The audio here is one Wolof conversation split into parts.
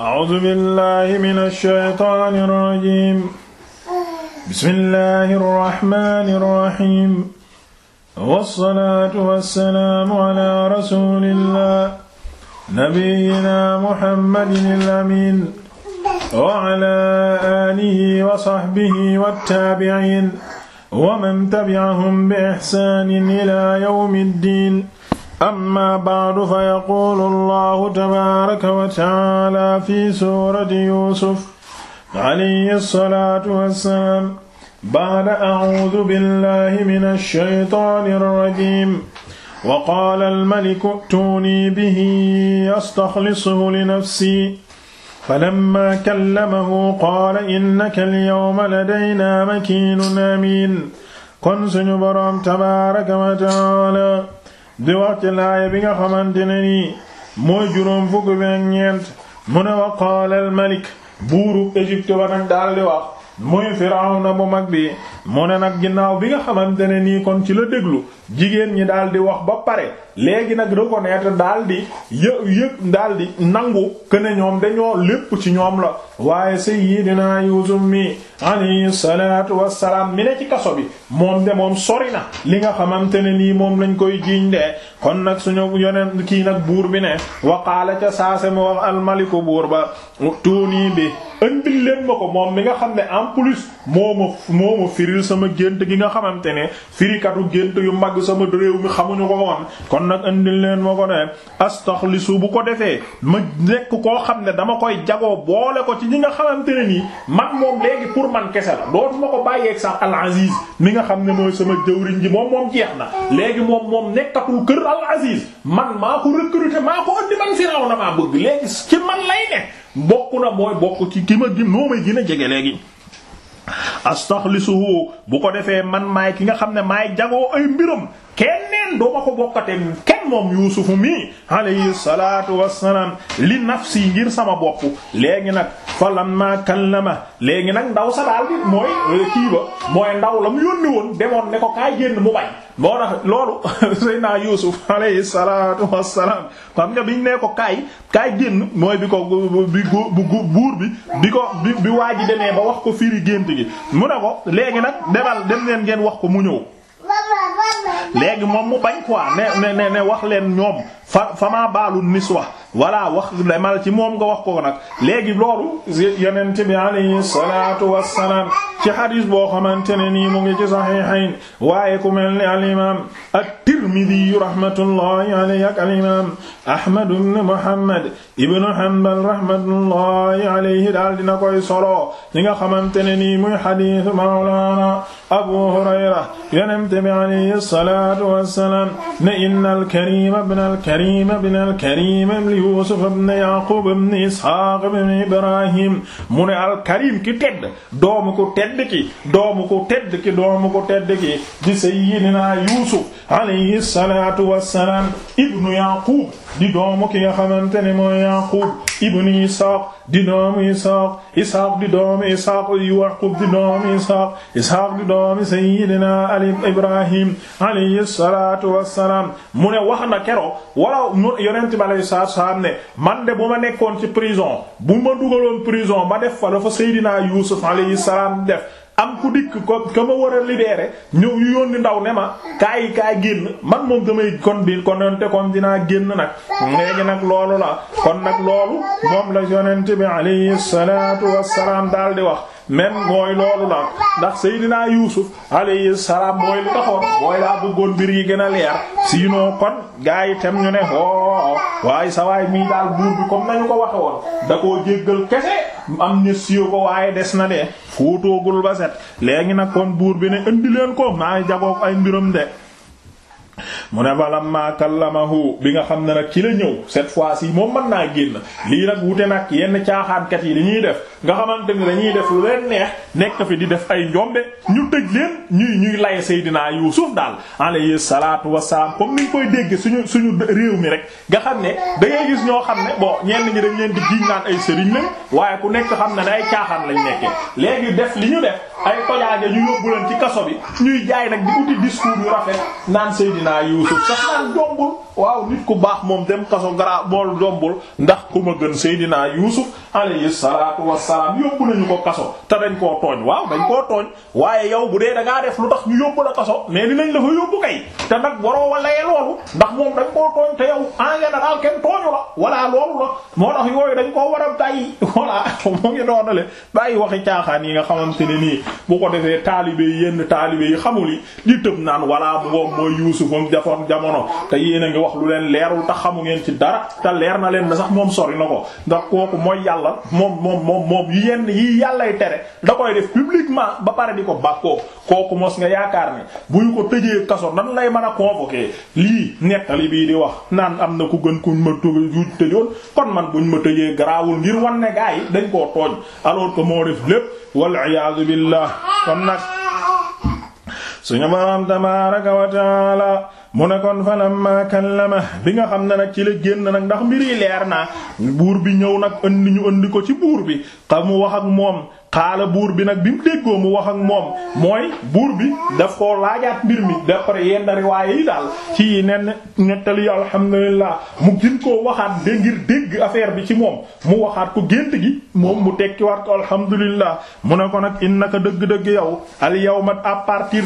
A'uuzu billaahi mina shaytaani rajiim. Bismillaahi rahmaani rahiim. Wassalaatu wassalaamu alaa rasuulillaah nabiyyinaa Muhammadinil amiin wa alaa aalihi wa sahbihi wattaabi'iin wa man tabi'ahum bi ihsaanin ilaa yawmid diin. amma ba'du fa yaquulu allahu tabaaraka wa ta'aala fi suurati yuusuf alayhi salaatu wassalaam ba'da a'uudu billahi mina shaytaani rajiim wa qaala almaliku a'tuunii bihi astaxlishu linafsii falammaa kallamahu qaala innaka alyawma ladaynaa makiinun amiin kon suñu boroom tabaaraka wa ta'aala di wax ci laaya bi nga xamante ne nii mooy juróom fukk bi ak ñeent mu ne wa qaala malik buurub Égypte ba nag daal di wax muy Firawna bu mag bi mu ne nag ginnaaw bi nga xamante ne nii kon ci la déglu jigéen ñi daal di wax ba pare léegi nag reconnaître daal di yë yëpp daal di nangu que ñoom dañoo lépp ci ñoom la waaye sayyidina Yuusuf mi alayhi salaatu wassalaam mi ne ci kaso bi moom de moom sori na li nga xamante ne nii moom lañ koy jiiñ de kon nag suñu yoneen kii nag buur bi ne waqaala ca saase mu wax almaliku buur ba tuuni bi ëndil ma ko moom mi nga xam ne en plus moo ma firil sama gént gi nga xamante ne firikatu gént yu mag bi sama réew mi xamuñu ko woon kon nag indil leen ma ko ne astaxlisu bu ko defee ma nekk koo xam ne dama koy jagoo boole ko ci ñi nga xamante ne nii man moom léegi pour man kese la dootuma ko bàyyeeg sax al-Aziz mi nga xam ne mooy sama jëwriñ ji moom moom jeex na léegi moom moom nekkatul kër al-Aziz man maa ko recruter maa ko andi man Firawna maa bëgg léegi ci man lay ne bokk na mooy bokk ci ki ma gi noo may gën a jege léegi astaxlisuhu bu ko defee man maay ki nga xam ne maay jagoo ay mbiram kenn kenn dooma ko bokkate kenn moom yuusufu mi alayhi salatu wassalaam li nafsi ngir sama bopp léegi nag fa lamma ma léegi nag ndaw sa daal bi mooy euh, kii mooy ndaw la mu yónni woon demoon ne ko kaay génn mu bañ moo tax loolu a Yuusuf alayhi salatu wassalaam xam nga biñ ne ko kaay kaay génn mooy bi ko bi buur bi bi ko bi bi waa ji demee ba wax ko firi gént gi mu ne ko léegi nag demal dem leen ngeen wax ko mu ñëw léegi moom mu bañ quoi ne ne ne wax leen ñoom fa famaa baalu niswa walla wax demal ci moom nga wax ko nag léegi loolu yonent bi alayhi salaatu wassalaam ci xadis boo xamante ne nii mu ngi ci saxiixayn waaye ku mel ni al imaam at-Tirmidi rahmatullahi alayhi ak al imaam Ahmad ibn Muhammad ibn Hanbal rahmatullahi alayhi daal dina koy solo ñi nga xamante ne nii muy xadis mawlaana Abu Hurayra yonent bi alayhi salaatu wassalaam ne inna al-Karim ibn al-Karim ibn al-Karim ibn Yusuf ibn Yaqub ibn Ishaq ibn Ibrahim mu ne al-Karim ki tedd doomu ko tedd tedd doomu ko tedd ki ko tedd ki di sayyidina Yuusuf alayhi salaatu wassalaam ibnu Yaqub di doomu ki nga xamante ne mooy Yaqub ibnu Isaaq di doomi Isaaq Isaaq di doomi Isaaq Yaqub di doomi Isaaq Isaaq di doomi Sayyidina Ali Ibrahim alayhi salaatu wassalaam mu ne wax na kero wala yonent bi alayhi salaatu wassalaam ne man de bu ma nekkoon ci prison bu ma dugaloon prison ma def fa la fa Sayyidina Yuusuf alayhi def am ku dikk ko ka ma war a libéré ñëw yu yónni ndaw ne ma kaay kaay génn man moom damay kon bi kon yonte kon dinaa génn nag léegi nag loolu la kon nag loolu moom la yonente bi alayhi salaatu wassalaam daal di wax même mooy loolu la ndax Seydina Yuusuf alayhi salaam mooy li taxoon mooy laa bëggoon mbir yi gën a leer sinon kon gaa tem ñu ne o oh, waaye sa waay mii daal buur bi comme nañu ko waxe woon da koo jéggal kese am ñu siiw ko waaye des na de fóotoogul ba set léegi nag kon buur bi ne indi leen ko maa jagoog ay mbiram de mu ne falamma kallamahu bi nga xam ne nag ci la ñëw cette fois ci moom mën naa génn lii nag wute nag yenn caaxaankat yi li ñuy def nga xamante ni dañuy def lu leen neex nekk fi di def ay njombe ñu tëj leen ñuy ñuy lay Seydina Yuusuf daal alayhi salaatu wassalaam comme niñ koy dégg suñu suñu réew mi rek nga xam ne da gis ñoo xam ne bon ñenn ñi dañ leen di giñ naan ay sëriñ lañ waaye ku nekk xam ne ne ay caaxaan lañ nekkee léegi def li ñu def ay tojaage ñu yóbbu leen ci kaso bi ñuy jaay nag di uti discours yu rafet naan Seydina Seydina Yuusuf sax naan jombul waaw nit ku baax moom dem kaso garaa mool dombul ndax ku ma gën Seydina Yuusuf alayhi salaatu wassalaam yóbbu nañu ko kaso te dañ koo tooñ waaw dañ koo tooñ waaye yow bu dee da ngaa def lu tax ñu yóbbu la kaso mais dinañ la fa yóbbu te nag waroo wala loolu ndax moom dañ koo tooñ te yow en général kenn la moo tax yooyu dañ koo war a bàyyi walla mu ngi doonale bàyyi waxi caaxaan yi nga xamante ne nii bu ko defee taalibe yi yenn taalibe yi xamul yi di tëb naan walla bu ngoom mooy Yuusuf moom jafoon jamono te yéen a ngi wax wax lu leen leerul te xamu ngeen ci dara te leer na leen ne sax moom sori na ko ndax kooku mooy yàlla moom moom moom moom yenn yi yàllay tere da koy def publiquement ba pare di ko bàkkoo kooku moos nga yaakaar ni bu ko tëjee kaso nan lay mën a convoquer lii nettali bii di wax naan am na ku gën kuñ ma tuuj tëjoon kon man buñ ma tëjee garaawul ngir wan ne gaa yi dañ koo tooñ alors que moo def lépp wal iyaadu billah kon nag suñu boroom tabaaraka wa mu ne kon falamma kallama bi nga xam ne nag ci la génn nag ndax mbir yi leer naa buur bi ñëw nag andi ñu andi ko ci buur bi xam mu wax ak moom xaala buur bi nag bi mu déggoo mu wax ak moom mooy buur bi daf koo laajaat mbir mi d'après yenn riwaaye yi daal ci nen nettali alhamdulilah mu gën koo waxaat de ngir dégg affaire bi ci moom mu waxaat ko gént gi moom mu tekkiwaat ko alhamdulilah mu ne ko nag innaka dëgg-dëgg yow al yawma à partir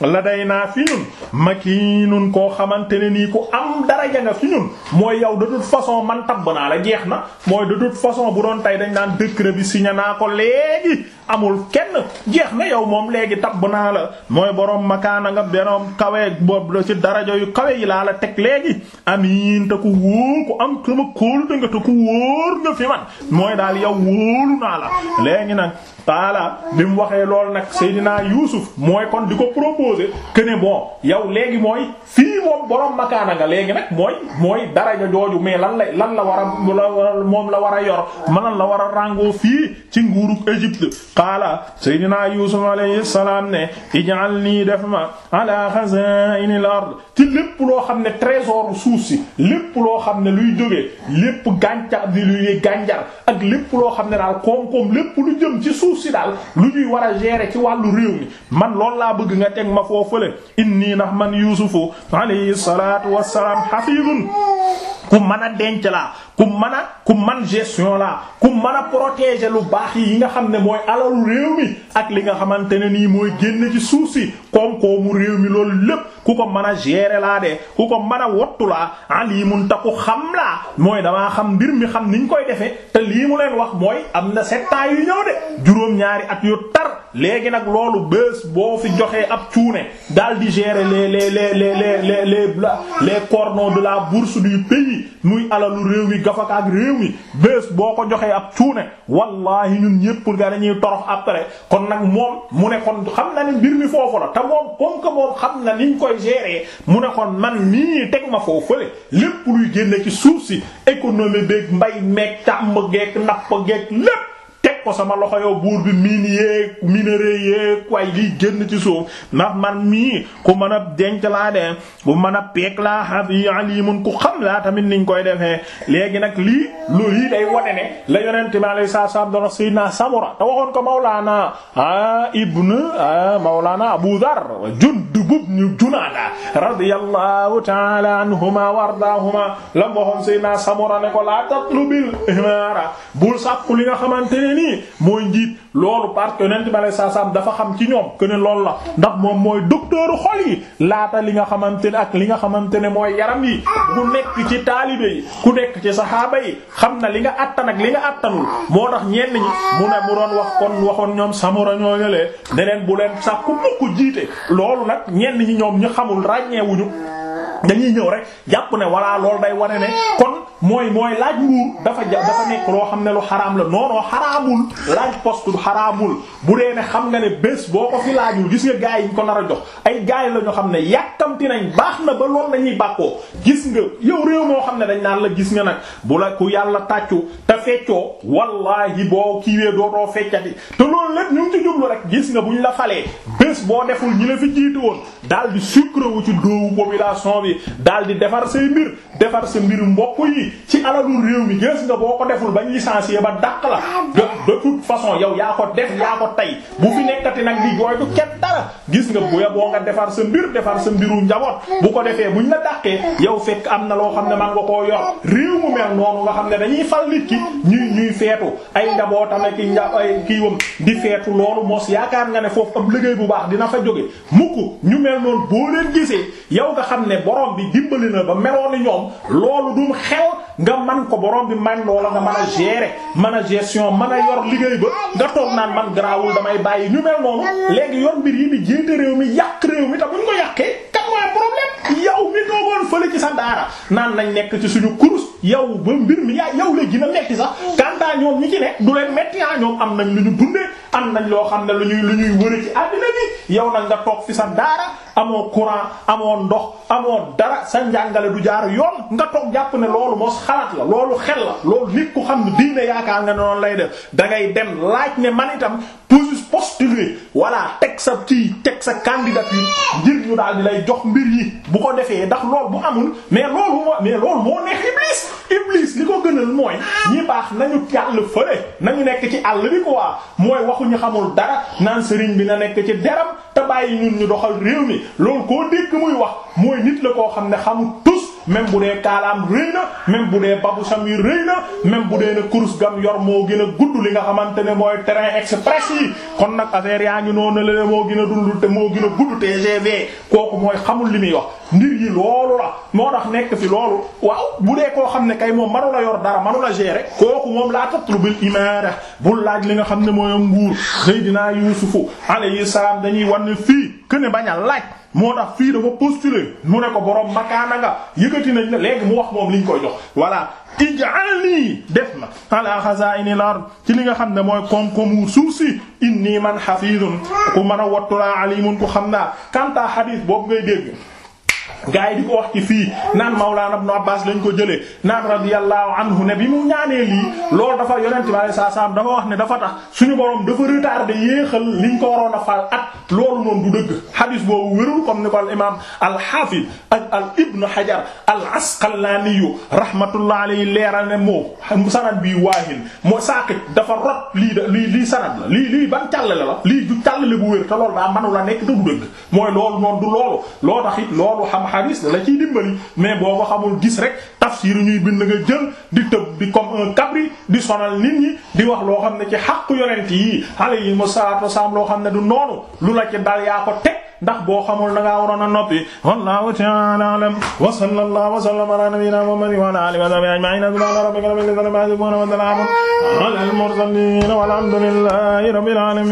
day naa fi ñun nun koo xamante ne nii ku am daraja nga fi ñun mooy yow de façon man tabb naa la jeex na mooy de toute façon bu doon tey dañ naan décret bi naa ko léegi amul kenn jeex na yow moom léegi tabb naa la mooy boroom makaana nga benoom kawe boobu la ci daraja yu kawe yi laa la teg léegi amiin te ku wóor ku am sama kóol da nga te ku wóor nga fi man mooy daal yow wóolu naa la léegi nag voilà bi mu waxee lool nag Seydina Yuusuf mooy kon di ko proposer que ne bon yow mooy fii kii moom borom makaana nga léegi nag mooy mooy daraja jooju mais lan la lan la war a moom la war a yor ma lan la war a ràngoo fii ci nguurug Égypte qaala seydinaa Yuusuf alayhi salaam ne ij'alnii def ma ala xazaa'inil ard ci lépp loo xam ne trésor suuf si lépp loo xam ne luy jógee lépp gàncax di luy gànjar ak lépp loo xam ne daal koom-koom lépp lu jëm ci suuf si daal lu ñuy war a gérer ci wàllu réew mi man loolu laa bëgg nga teg ma foofale inni ndax man Yuusufu alayhi salaatu wassalaam xafiidun ku mën a denc laa ku mën a ku man gestion laa ku mën a protéger lu baax yi nga xam ne mooy alalu réew mi ak li nga xamante ne nii mooy génn ci suuf si koom-koomu réew mi loolu lépp ku ko mën a gérer laa de ku ko mën a wottu laa alimun mun ku xam laa mooy dama xam mbir mi xam niñ koy defee te lii mu leen wax mooy am na sept ans yu ñëw de juróom-ñaari at yu tar léegi nag loolu bés boo fi joxee ab cuune dal di gérer les les les les les les les les cordons de la bourse du lii alalu réew mi gafaka ak réew mi bés boo ko joxee ab cuune wallahi ñun ñépp nga dañuy torox après kon nag moom mu ne kon xam na ni mbir mi foofu la te moom comme que xam na niñ koy gérer mu ne kon man nii teg ma foofu fële lépp luy génne ci suuf si économie beeg mbay meeg càmm geeg napp geeg lépp teg ko sama loxo yow buur bi miin yeeg minerais yeeg way liy génn ci suuf ndax man mii ko mën a denc laa de ku mën a peeg laa xam yi alimun ku xam laa tamit niñ koy defee léegi nag lii loolu yii day wone ne la yonente bi sa sa doon sayyidina Samura te waxoon ko Mawlaana ah ibn ah Mawlaana Abu Dharr Jundub ibn Junaada radiyallahu ta'ala anhuma wa ardaahuma lam waxoon sayyidina Samura ne ko laa tatlubil himaara bul sàkku li nga xamante ne nii nii mooy njiit loolu parce que yonent bi alayhi dafa xam ci ñoom que ne loolu la ndax moom mooy docteur xol yi laata li nga xamante ne ak li nga xamante ne mooy yaram yi ku nekk ci taalibe yi ku nekk ci saxaaba yi xam na li nga attan ak li nga attanul moo tax ñenn ñi mu ne mu doon wax kon waxoon ñoom samura ñoo ñëlee ne leen bu leen sax ku mukk jiite loolu nag ñenn ñi ñoom ñu xamul ràññeewuñu dañuy ñëw rek jàpp ne walla loolu day wane ne kon mooy mooy laaj nguur dafa ja dafa nekk loo xam ne lu xaraam la non non xaraamul laaj poste du xaraamul bu dee ne xam nga ne bés boo ko fi laajul gis nga gaay yi ñu ko nar a jox ay gaay yi la ñu xam ne yàkkamti nañ baax na ba loolu lañuy bàkkoo gis nga yow réew moo xam ne dañ naan la gis nga nag bu la ku yàlla tàccu te feccoo wallaahi boo kiiwee dootoo feccati te loolu lépp ñu ngi ci jublu rek gis nga bu ñu la falee bés boo deful ñi la fi jiitu woon daal di sucre wu ci doowu population daal di defar say mbir defar sa mbir mbokk yi lii ci alalul réew mi gis nga boo ko deful bañ licencié ba dàq la ah, de toute façon yow yaa ko def yaa ko tey bu fi nekkati nag di jooytu kenn dara gis nga bu boo nga defar sa mbir defar sa mbiru njaboot bu ko defee buñ la dàqee yow fekk am na loo xam ne man nga koo yor réew mu mel noonu nga xam ne dañuy fal nit ñu ñuy ñuy feetu ay njabootam ak i ay kii di feetu loolu mos yaakaar nga ne foofu am liggéey bu baax dina fa jóge mukk ñu mel noonu boo leen gisee yow nga xam ne borom bi dimbali na ba meloon ni nga man ko borom bi man loola nga mën a gérer a gestion mën a yor liggéey ba nga toog naan man garaawul damay bàyyi ñu mel noonu léegi yor mbir yi di jiite réew mi yàq réew mi te buñ ko yàqee yow mi noogoon fële ci sa daara naan nañ nekk ci suñu kurus yow ba mbir mi yaa yow la gën a metti sax kantaa ñoom ñi ci ne du leen metti ah ñoom am nañ lu ñu dundee am nañ loo xam ne lu ñuy lu ñuy wëre ci àddina bi yow nag nga toog fi sa daara amoo courant amoon ndox amoo dara sa njàngale du jaar yoon nga toog jàpp ne loolu mos xalaat la loolu xel la loolu nit ku xam ne diine yaakaar nga ne noonu lay def da ngay dem laaj ne man itam poste walla teg sa ci teg sa candidature ngir ñu daal di lay jox mbir yi bu ko defee ndax loolu bu amul mais loolu moo mais loolu moo neex iblis iblis li ko gënal mooy ñi baax nañu yàlla fële nañu nekk ci àll bi quoi mooy waxuñu xamul dara naan sëriñ bi na nekk ci deram te bàyyi ñun ñu doxal réew mi loolu koo dékk muy wax mooy nit la koo xam ne xamul même bu dee kaalaam rëy na même bu dee babusham yi rëy na même dee ne course gam yor moo gën a gudd li nga xamante ne mooy train express yi kon nag affaire yaa ngi noonu la moo gën a dund te moo gën a gudd TGV kooku mooy xamul li muy wax ndir yi loolu la moo tax nekk fi loolu waaw bu dee koo xam ne kay moom manu la yor dara manu la gérer kooku moom laa tatlubil imaara bul laaj li nga xam ne mooy nguur Seydina Yuusufu alayhi salaam dañuy wan fii ne bañ a laaj moo tax fii dafa postuler mu ne ko boroom makaana nga yëkkati nañ la léegi mu wax moom liñ koy jox voilà ij'alni def na ala xazaa'inil ard ci li nga xam ne mooy koom-koomu suuf si inni man hafizun ku mën a wattu laa alimun ku xam naa kantaa xadiis boobu ngay dégg gaa yi di ko wax ci fii naan Mawlana Ibn Abbas lañ ko jëlee naan radiyallahu anhu ne bi mu ñaanee lii loolu dafa yonent bi sallallahu alayhi wasallam dafa wax ne dafa tax suñu borom dafa retardé yéexal ko waroon a fal at loolu noonu du dëgg hadis boobu wérul comme ni ko al imaam al haafid ak al ibn hajar al asqalaani bi waahin moo saakit dafa rot lii da lii lii sanad la lii la lii du càllale bu wér te loolu daa la nekk te du dëgg mooy loolu noonu du loolu loo tax it loolu xam xadis la ciy dimbali mais boo ko xamul gis rek tafsir ñuy bind nga jël di tëb di comme un cabri di sonal nit ñi di wax loo xam ne ci xàqu yonent yi alayhimu salaatu wasalaam loo xam ne du noonu lu la ci dal yaa ko teg ndax boo xamul da ngaa waroon a noppi wallahu ta'ala a'lam wa sallallahu wa sallama ala nabiyyina muhammadin wa ala alihi wa sahbihi ajma'in subhana rabbika rabbil izzati amma yasifun wa salamun ala al mursalin walhamdulillahi rabbil alamin